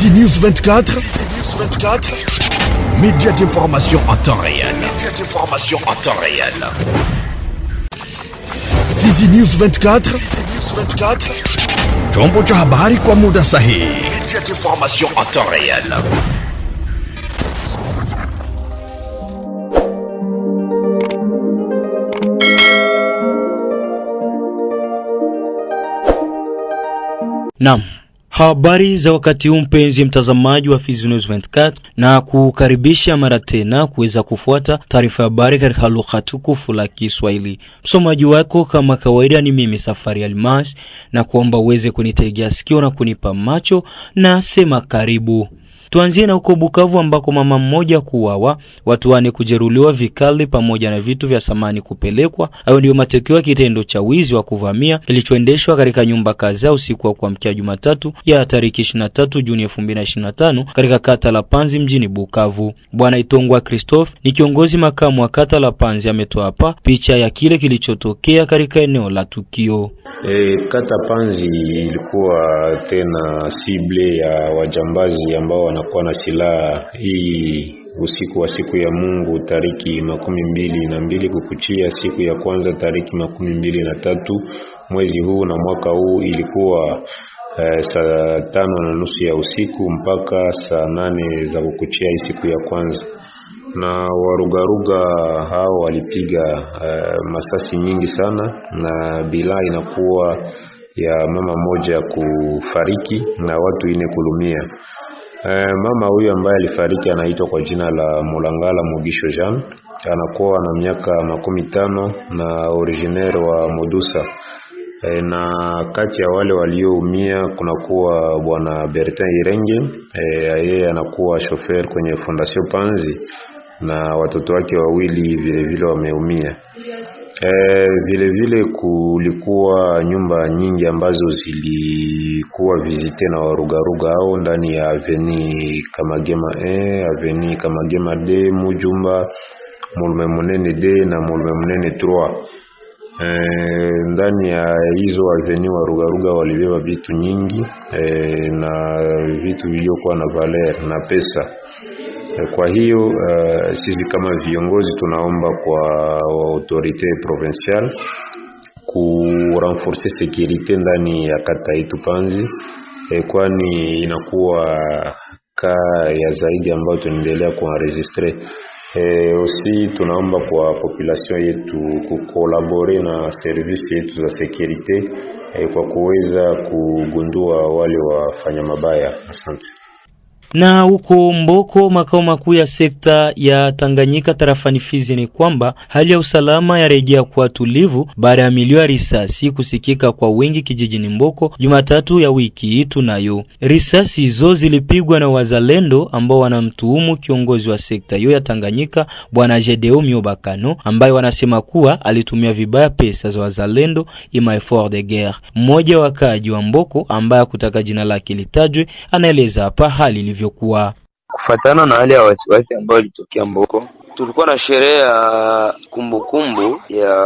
Easy News 24. Easy News 24. Média d'information en temps réel. Média d'information en temps réel. Easy News 24. Easy News 24. Chombo cha habari kwa muda sahihi. Média d'information en temps réel. Naam. Habari za wakati huu mpenzi mtazamaji wa Fizi News 24, na kukaribisha mara tena kuweza kufuata taarifa ya habari katika lugha tukufu la Kiswahili. Msomaji wako kama kawaida ni mimi Safari Almas, na kuomba uweze kunitegea sikio na kunipa macho na sema karibu. Tuanzie na huko Bukavu ambako mama mmoja kuuawa, watu wane kujeruliwa vikali, pamoja na vitu vya samani kupelekwa. Hayo ndiyo matokeo ya kitendo cha wizi wa kuvamia kilichoendeshwa katika nyumba kadhaa usiku wa kuamkia Jumatatu ya tariki 23 Juni 2025 katika kata la Panzi mjini Bukavu. Bwana Itongwa Christophe ni kiongozi makamu wa kata la Panzi, ametoa hapa picha ya kile kilichotokea katika eneo la tukio. E, kata Panzi ilikuwa tena sible ya wajambazi ambao wanakuwa na silaha hii usiku wa siku ya Mungu tariki makumi mbili na mbili kukuchia siku ya kwanza tariki makumi mbili na tatu mwezi huu na mwaka huu ilikuwa eh, saa tano na nusu ya usiku mpaka saa nane za kukuchia hii siku ya kwanza na warugaruga hao walipiga uh, masasi nyingi sana na bila inakuwa ya mama moja kufariki na watu ine kulumia Eh, mama huyu ambaye alifariki anaitwa kwa jina la Mulangala Mugisho Jean, anakuwa na miaka makumi tano na originaire wa Modusa Eh, na kati ya wale walioumia kunakuwa bwana Bertin Irenge eh, yeye anakuwa shofer kwenye Fondation Panzi na watoto wake wawili vilevile wameumia. E, vile vile kulikuwa nyumba nyingi ambazo zilikuwa vizite na warugaruga hao ndani ya aveni Kamagema e, aveni Kamagema D, Mujumba, Mulume Munene D na Mulume Munene 3. E, eh, ndani ya hizo aveni warugaruga walibeba vitu nyingi e, na vitu vilivyokuwa na valer na pesa kwa hiyo uh, sisi kama viongozi tunaomba kwa autorite provinciale kurenforce security ndani ya kata yetu Panzi, eh, kwani inakuwa kaa ya zaidi ambayo tunaendelea kuenregistre. Eh, aussi tunaomba kwa population yetu kukolabore na service yetu za security eh, kwa kuweza kugundua wale wafanya mabaya. Asante. Na huko Mboko, makao makuu ya sekta ya Tanganyika tarafani Fizi, ni kwamba hali ya usalama yarejea kuwa tulivu baada ya milio ya risasi kusikika kwa wingi kijijini Mboko Jumatatu ya wiki hii. Tunayo risasi hizo zilipigwa na wazalendo ambao wanamtuhumu kiongozi wa sekta hiyo ya Tanganyika Bwana Jedeo Miobakano, ambaye wanasema kuwa alitumia vibaya pesa za wazalendo ima effort de guerre. Mmoja wa kaji wa Mboko ambaye hakutaka jina lake litajwe anaeleza hapa hali ilivyokuwa. Kufatana na hali ya wasiwasi ambayo ilitokea Mboko, tulikuwa na sherehe ya kumbukumbu ya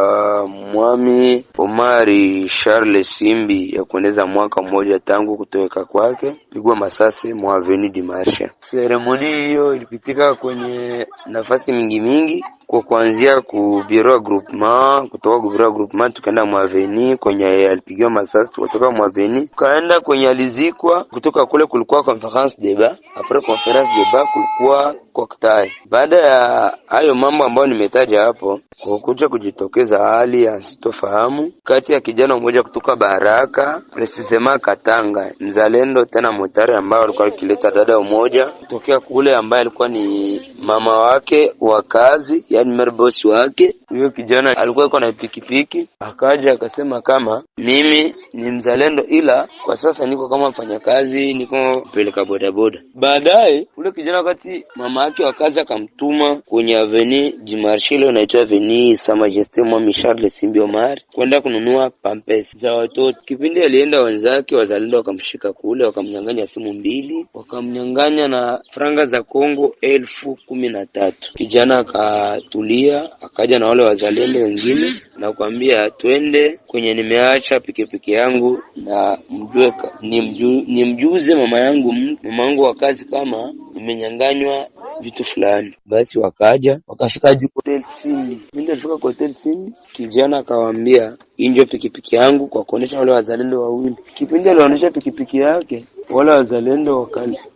Mwami Omari Charles Simbi ya kuendeza mwaka mmoja tangu kutoweka kwake, pigwa masasi mwa Avenue de Marche. Seremoni hiyo ilipitika kwenye nafasi mingi mingi, kwa kuanzia Kubirwa groupement, kutoka Kubirwa groupement tukaenda Mwaveni kwenye alipigiwa masasi, tukatoka Mwaveni tukaenda kwenye alizikwa. Kutoka kule kulikuwa conference deba, après conference deba kulikuwa koktai Baada ya hayo mambo ambayo nimetaja hapo, kukuja kujitokeza hali ya sitofahamu kati ya kijana mmoja kutoka Baraka presisema Katanga, mzalendo tena motari, ambayo alikuwa akileta dada mmoja kutokea kule, ambaye alikuwa ni mama wake wa kazi ya yaani yani mara bosi wake huyo kijana alikuwa iko na pikipiki, akaja akasema kama mimi ni mzalendo, ila kwa sasa niko kama mfanyakazi, niko peleka bodaboda. Baadaye ule kijana, wakati mama yake wakazi akamtuma kwenye aveni jimarshile unaitwa aveni sa majeste mwa Michel de Simbiomari kwenda kununua pampes za watoto. Kipindi alienda, wenzake wazalendo wakamshika kule, wakamnyang'anya simu mbili, wakamnyang'anya na franga za Kongo elfu kumi na tatu kijana aka akatulia, akaja na wale wazalendo wengine na kuambia twende kwenye nimeacha pikipiki yangu na mjue, nimju, nimjuze mama yangu mama yangu wa kazi kama nimenyanganywa vitu fulani. Basi wakaja wakafika juu hotel Sindi. Mimi nilifika kwa hotel Sindi, kijana akawaambia hii ndio pikipiki yangu, kwa kuonesha wale wazalendo wawili. Kipindi alionyesha pikipiki yake wala wazalendo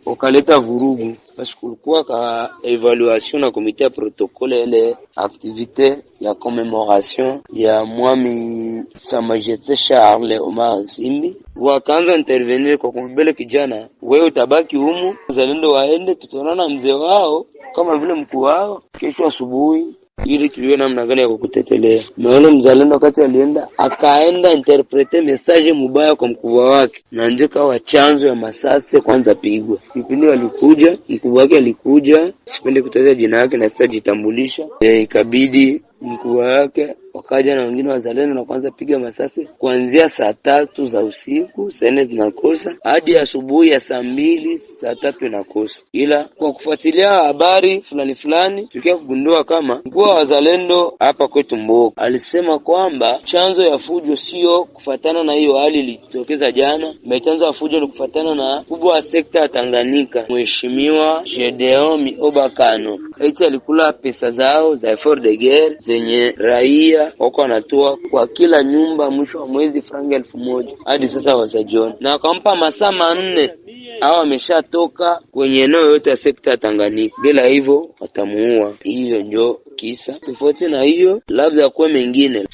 wakaleta vurugu basi, kulikuwa ka evaluation na komite ya protokole ile activite ya commemoration ya mwami sa majeste Charles Omar simbi wakaanza intervenir kwa kumbele kijana, wewe utabaki humu, wazalendo waende, tutaonana mzee wao kama vile mkuu wao kesho asubuhi ili tujue namna gani ya kukutetelea. Na yule mzalendo wakati alienda akaenda interprete message mubaya kwa mkubwa wake, na ndio kawa chanzo ya masasi kwanza pigwa. Kipindi walikuja mkubwa wake alikuja, sipendi kutaja jina yake na sitajitambulisha, eh, ikabidi mkuu wake wakaja na wengine wazalendo na kwanza piga masasi kuanzia saa tatu za usiku, saa nne zinakosa hadi asubuhi ya saa mbili, saa tatu inakosa. Ila kwa kufuatilia habari fulani fulani, tukia kugundua kama mkuu wa wazalendo hapa kwetu Mboko alisema kwamba chanzo ya fujo sio kufatana na hiyo hali ilijitokeza jana, bali chanzo ya fujo ni kufatana na kubwa wa sekta ya Tanganyika, mheshimiwa Gedeon Miobakano Kaiti alikula pesa zao za effort de guerre zenye raia wako wanatoa kwa kila nyumba mwisho wa mwezi franga elfu moja hadi sasa wazajiona, na wakampa masaa manne au ameshatoka kwenye eneo yote ya sekta ya Tanganyika, bila hivyo watamuua. Hiyo ndio kisa tofauti na hiyo, labda kuwe mengine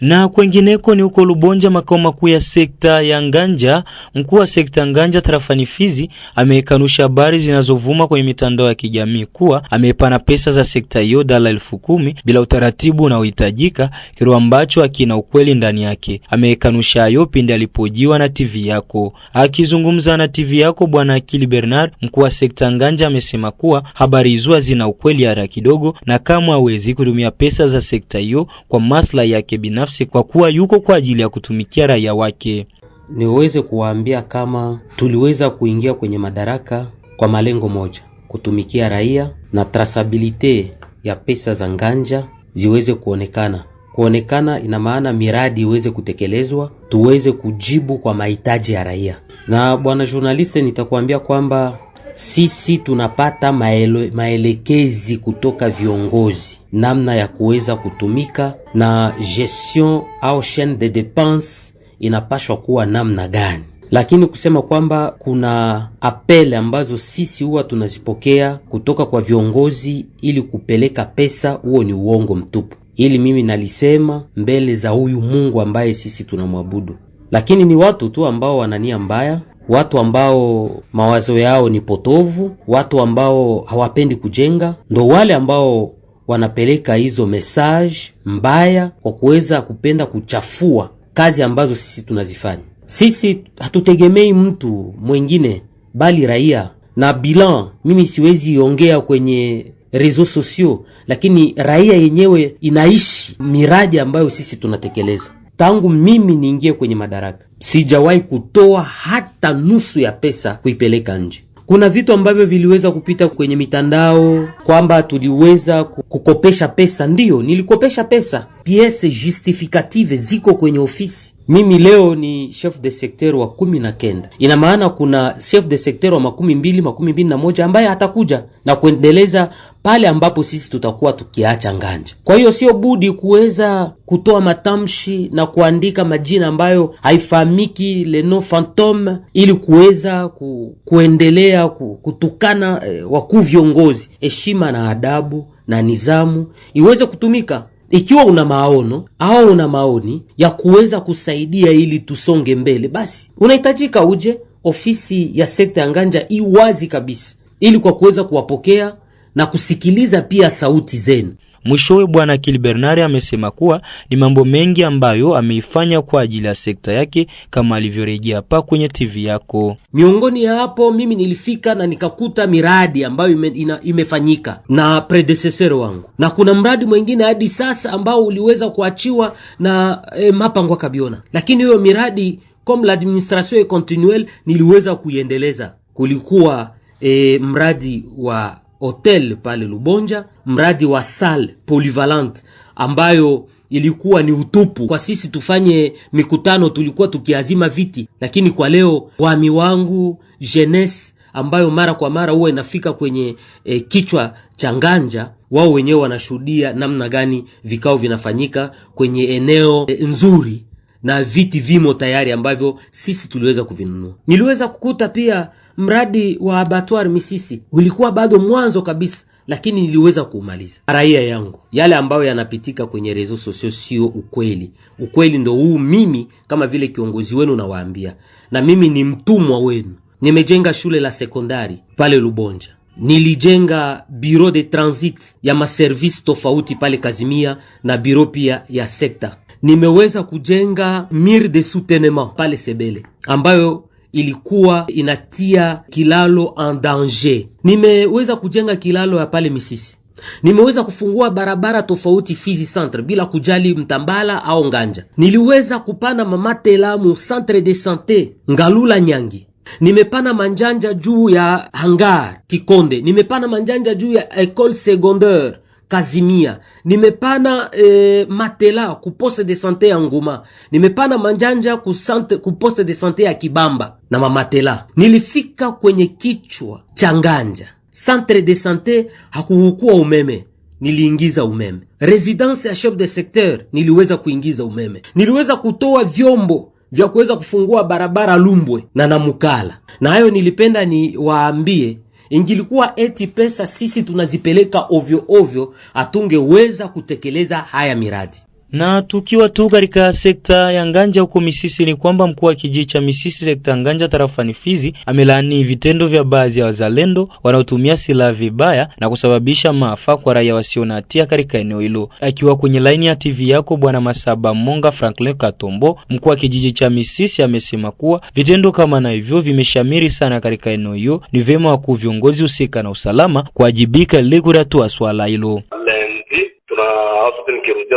na kwengineko ni huko Lubonja, makao makuu ya sekta ya Nganja. Mkuu wa sekta Nganja tarafani Fizi amekanusha habari zinazovuma kwenye mitandao ya kijamii kuwa amepana pesa za sekta hiyo dala elfu kumi bila utaratibu unaohitajika, kero ambacho hakina ukweli ndani yake. Amekanusha hayo pindi alipojiwa na TV yako. Akizungumza na TV yako, bwana Akili Bernard, mkuu wa sekta Nganja, amesema kuwa habari hizo hazina ukweli hata kidogo, na kamwe hawezi kutumia pesa za sekta hiyo kwa maslahi yake binafsi binafsi kwa kuwa yuko kwa ajili ya kutumikia raia wake. Niweze kuwaambia kama tuliweza kuingia kwenye madaraka kwa malengo moja, kutumikia raia na trasabilite ya pesa za nganja ziweze kuonekana. Kuonekana ina maana miradi iweze kutekelezwa, tuweze kujibu kwa mahitaji ya raia. Na bwana journaliste, nitakuambia kwamba sisi tunapata maele, maelekezi kutoka viongozi namna ya kuweza kutumika na gestion au chaine de depense inapashwa kuwa namna gani lakini kusema kwamba kuna apele ambazo sisi huwa tunazipokea kutoka kwa viongozi ili kupeleka pesa, huo ni uongo mtupu. Ili mimi nalisema mbele za huyu Mungu ambaye sisi tunamwabudu, lakini ni watu tu ambao wanania mbaya, watu ambao mawazo yao ni potovu, watu ambao hawapendi kujenga, ndo wale ambao wanapeleka hizo message mbaya kwa kuweza kupenda kuchafua kazi ambazo sisi tunazifanya. Sisi hatutegemei mtu mwingine bali raia na bilan. Mimi siwezi ongea kwenye reseaux sociaux, lakini raia yenyewe inaishi miradi ambayo sisi tunatekeleza tangu mimi niingie kwenye madaraka sijawahi kutoa hata nusu ya pesa kuipeleka nje. Kuna vitu ambavyo viliweza kupita kwenye mitandao kwamba tuliweza kukopesha pesa. Ndiyo, nilikopesha pesa, piese justificative ziko kwenye ofisi mimi leo ni chef de secteur wa kumi na kenda. Ina maana kuna chef de secteur wa makumi mbili makumi mbili na moja ambaye atakuja na kuendeleza pale ambapo sisi tutakuwa tukiacha nganja. Kwa hiyo sio budi kuweza kutoa matamshi na kuandika majina ambayo haifahamiki leno fantome, ili kuweza ku, kuendelea kutukana eh, wakuu viongozi, heshima na adabu na nizamu iweze kutumika. Ikiwa una maono au una maoni ya kuweza kusaidia ili tusonge mbele, basi unahitajika uje ofisi ya sekta ya Nganja i wazi kabisa, ili kwa kuweza kuwapokea na kusikiliza pia sauti zenu. Mwishowe Bwana Akili Bernard amesema kuwa ni mambo mengi ambayo ameifanya kwa ajili ya sekta yake kama alivyorejea hapa kwenye TV yako. Miongoni ya hapo, mimi nilifika na nikakuta miradi ambayo ime, ina, imefanyika na predecessor wangu, na kuna mradi mwingine hadi sasa ambao uliweza kuachiwa na e, Mapangwa Kabiona, lakini hiyo miradi comme l'administration est continuelle niliweza kuiendeleza. Kulikuwa e, mradi wa hotel pale Lubonja, mradi wa salle polyvalente ambayo ilikuwa ni utupu. Kwa sisi tufanye mikutano, tulikuwa tukiazima viti, lakini kwa leo wami wangu jeunesse ambayo mara kwa mara huwa inafika kwenye e, kichwa cha nganja, wao wenyewe wanashuhudia namna gani vikao vinafanyika kwenye eneo e, nzuri na viti vimo tayari ambavyo sisi tuliweza kuvinunua. Niliweza kukuta pia mradi wa abattoir Misisi ulikuwa bado mwanzo kabisa, lakini niliweza kuumaliza. Raia yangu, yale ambayo yanapitika kwenye rezo sosio sio ukweli. Ukweli ndo huu. Mimi kama vile kiongozi wenu nawaambia, na mimi ni mtumwa wenu. Nimejenga shule la sekondari pale Lubonja, nilijenga bureau de transit ya maservisi tofauti pale Kazimia na bureau pia ya sekta nimeweza kujenga mur de soutenement pale Sebele ambayo ilikuwa inatia kilalo en danger. Nimeweza kujenga kilalo ya pale Misisi. Nimeweza kufungua barabara tofauti Fizi centre bila kujali Mtambala au Nganja. Niliweza kupana mamatelamu centre de sante Ngalula Nyangi. Nimepana manjanja juu ya hangar Kikonde. Nimepana manjanja juu ya ecole secondaire Kazimia, nimepana e, matela ku poste de sante ya Ngoma, nimepana manjanja ku, sante, ku poste de sante ya Kibamba na mamatela. Nilifika kwenye kichwa cha nganja, centre de sante hakuhukua umeme niliingiza umeme. Residence ya chef de secteur niliweza kuingiza umeme. Niliweza kutoa vyombo vya kuweza kufungua barabara Lumbwe na Namukala, na hayo nilipenda niwaambie ingilikuwa eti pesa sisi tunazipeleka ovyo ovyo, hatungeweza kutekeleza haya miradi. Na tukiwa tu katika sekta ya Nganja huko Misisi, ni kwamba mkuu wa kijiji cha Misisi sekta ya Nganja ni Fizi amelaani vitendo vya baadhi ya wazalendo wanaotumia silaha vibaya na kusababisha maafa kwa raia wasio na hatia katika eneo hilo. Akiwa kwenye laini ya TV yako Bwana Masaba Monga Franklin Katombo, mkuu wa kijiji cha Misisi, amesema kuwa vitendo kama na hivyo vimeshamiri sana katika eneo hiyo. Ni vyema wakuu viongozi husika na usalama kuwajibika ili kutatua swala hilo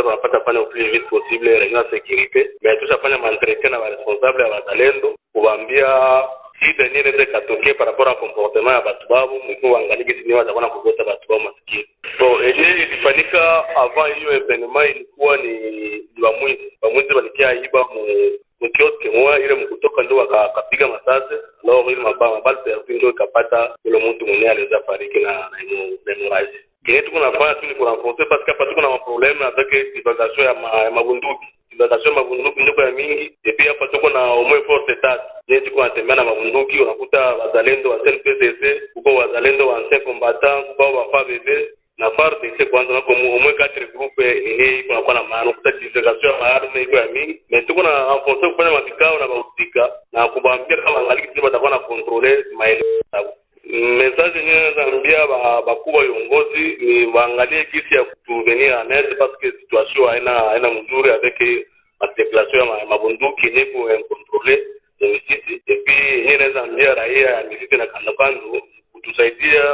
vita tunapata pale plus vite possible regional securite me tushafanya maentretien na baresponsable ya bazalendo kubaambia si denye neze par rapport ya comportement ya batu babo mwiko waangalike sini wazakona kukosa batu babo masikini so enye ilifanyika avant hiyo evenement ilikuwa ni bamwizi bamwizi balikia iba mu mukioske moya ile mkutoka ndo wakapiga masase lao ile mabali perdu ndo ikapata ule mtu mwenyewe aliweza fariki na na hemorrhage kile tuko nafanya tu ni kurenforce parce que hapa tuko na maprobleme avec divagation ya, mabunduki divagation ya mabunduki ndiko ya mingi epi hapa tuko na omwe force tatu yenye tuko natembea na mabunduki unakuta wazalendo wa CNPCC kuko wazalendo wa ancien combattant kuko wa FABB na FARDC kwanza nako omwe quatre groupe yenye iko nakuwa na maana kuta divagation ya maarme iko ya mingi me tuko na renforce kufanya makikao na bahusika na kubaambia kama angaliki tini batakuwa na kontrole maeneo message nini naambia bakubwa viongozi ni waangalie kisi ya kutuvenir anese parce que situation haina haina mzuri avec madeplasio ya mabunduki niko ya misiti epi nini naweza ambia raia ya misiti na kandokando kutusaidia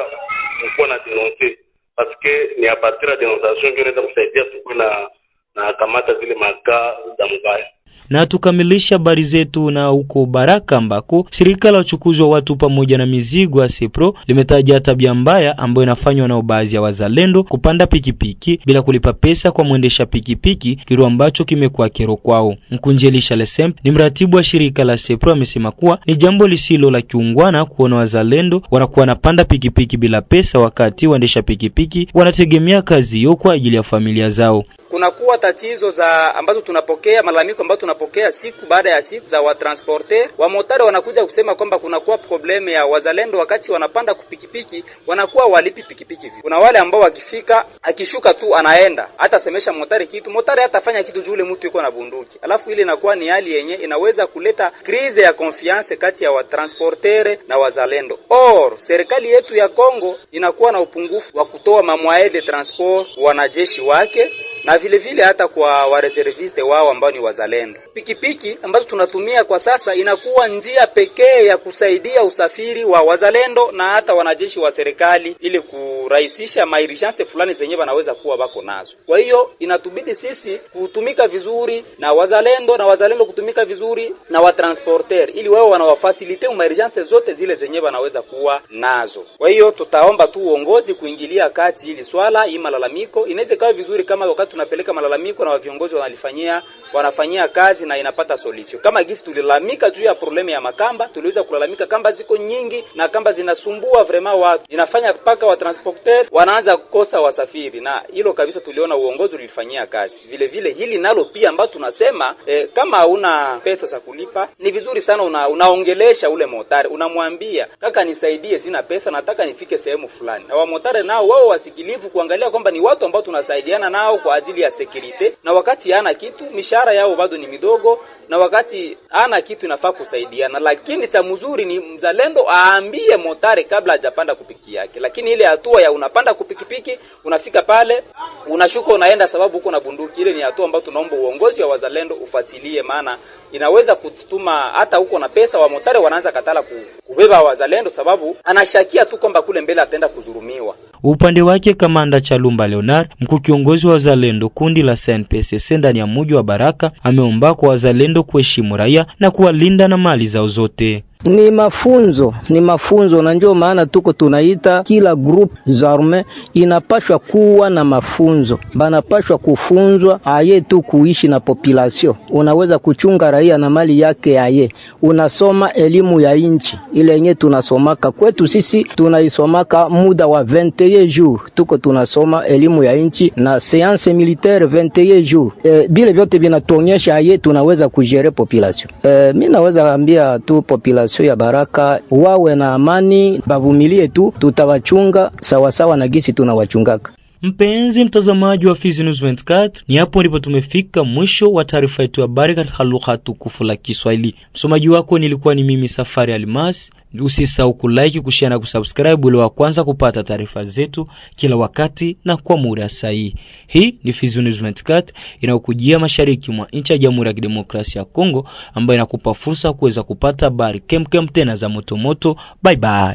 kukuwa na denonce parce ni apartir ya denonsation ndio inaweza kusaidia tukue na na kamata zile makaa za mbaya na tukamilisha habari zetu na huko Baraka ambako shirika la uchukuzi wa watu pamoja na mizigo ASEPRO limetaja tabia mbaya ambayo inafanywa na baadhi ya wazalendo kupanda pikipiki bila kulipa pesa kwa mwendesha pikipiki, kitu ambacho kimekuwa kero kwao. Mkunjelisha Lesem ni mratibu wa shirika la ASEPRO amesema kuwa ni jambo lisilo la kiungwana kuona wazalendo wanakuwa wanapanda pikipiki bila pesa, wakati waendesha pikipiki wanategemea kazi hiyo kwa ajili ya familia zao kunakuwa tatizo za ambazo tunapokea malalamiko ambayo tunapokea siku baada ya siku za watransporter motari wanakuja kusema kwamba kunakuwa probleme ya wazalendo wakati wanapanda kupikipiki wanakuwa walipi pikipiki. Kuna wale ambao wakifika, akishuka tu anaenda hata semesha motari kitu, motari hatafanya kitu juu ule mtu yuko na bunduki. Alafu ile inakuwa ni hali yenye inaweza kuleta krize ya konfiance kati ya watransportere na wazalendo. Or serikali yetu ya Kongo inakuwa na upungufu wa kutoa mamwaede transport wanajeshi wake na vile vile hata kwa wareserviste wao ambao ni wazalendo. Pikipiki ambazo tunatumia kwa sasa inakuwa njia pekee ya kusaidia usafiri wa wazalendo na hata wanajeshi wa serikali, ili kurahisisha mairijanse fulani zenye wanaweza kuwa bako nazo. Kwa hiyo inatubidi sisi kutumika vizuri na wazalendo na wazalendo kutumika vizuri na watransporter, ili wao wanawafasilite mairijanse zote zile zenye wanaweza kuwa nazo. Kwa hiyo tutaomba tu uongozi kuingilia kati ili swala hii malalamiko inaweza kawa vizuri kama wakati tunapeleka malalamiko na viongozi wanalifanyia wanafanyia kazi na inapata solution. Kama gisi tulilalamika juu ya problemu ya makamba, tuliweza kulalamika kamba ziko nyingi na kamba zinasumbua vrema watu, inafanya mpaka watransporter wanaanza kukosa wasafiri, na hilo kabisa tuliona uongozi ulifanyia kazi vile vile. Hili nalo pia ambao tunasema eh, kama hauna pesa za kulipa ni vizuri sana una, unaongelesha ule motari, unamwambia kaka, nisaidie, sina pesa, nataka nifike sehemu fulani, na wamotari nao wao wasikilivu kuangalia kwamba ni watu ambao tunasaidiana nao kwa ajili ya security, na wakati ana kitu mishara mishahara yao bado ni midogo na wakati ana kitu inafaa kusaidiana, lakini cha mzuri ni mzalendo aambie motari kabla hajapanda kupiki yake. Lakini ile hatua ya unapanda kupikipiki, unafika pale, unashuka, unaenda sababu uko na bunduki, ile ni hatua ambayo tunaomba uongozi wa wazalendo ufuatilie, maana inaweza kututuma hata huko na pesa wa motari wanaanza katala kubeba wazalendo, sababu anashakia tu kwamba kule mbele ataenda kuzurumiwa. Upande wake kamanda Chalumba Leonard, mkuu kiongozi wa wazalendo kundi la SNPCC ndani ya mji wa Baraka, ameomba kwa wazalendo kuheshimu raia na kuwalinda na mali zao zote. Ni mafunzo, ni mafunzo, na njoo maana tuko tunaita kila group za arme inapashwa kuwa na mafunzo, banapashwa kufunzwa aye tu kuishi na population. Unaweza kuchunga raia na mali yake, aye unasoma elimu ya inchi ile yenye tunasomaka kwetu sisi, tunaisomaka muda wa 21 jours, tuko tunasoma elimu ya inchi na seance militaire 21 jours. E, bile vyote vinatuonyesha aye tunaweza kujere population. E, eh, mimi naweza ambia tu population population ya Baraka wawe na amani, bavumilie tu, tutawachunga sawasawa na gisi tunawachungaka. Mpenzi mtazamaji wa Fizi News 24, ni hapo ndipo tumefika mwisho wa taarifa yetu ya habari katika lugha tukufu la Kiswahili. Msomaji wako nilikuwa ni mimi Safari Almas. Usisahau kulike, kushare na kusubscribe ili wa kwanza kupata taarifa zetu kila wakati na kwa muda sahihi. Hii ni Fizi News Cut inayokujia mashariki mwa nchi ya Jamhuri ya Kidemokrasia ya Kongo, ambayo inakupa fursa kuweza kupata habari kemkem tena za moto moto. Bye bye.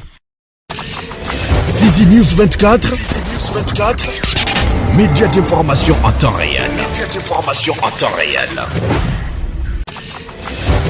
Fizi News 24, Fizi News 24, média d'information en temps réel.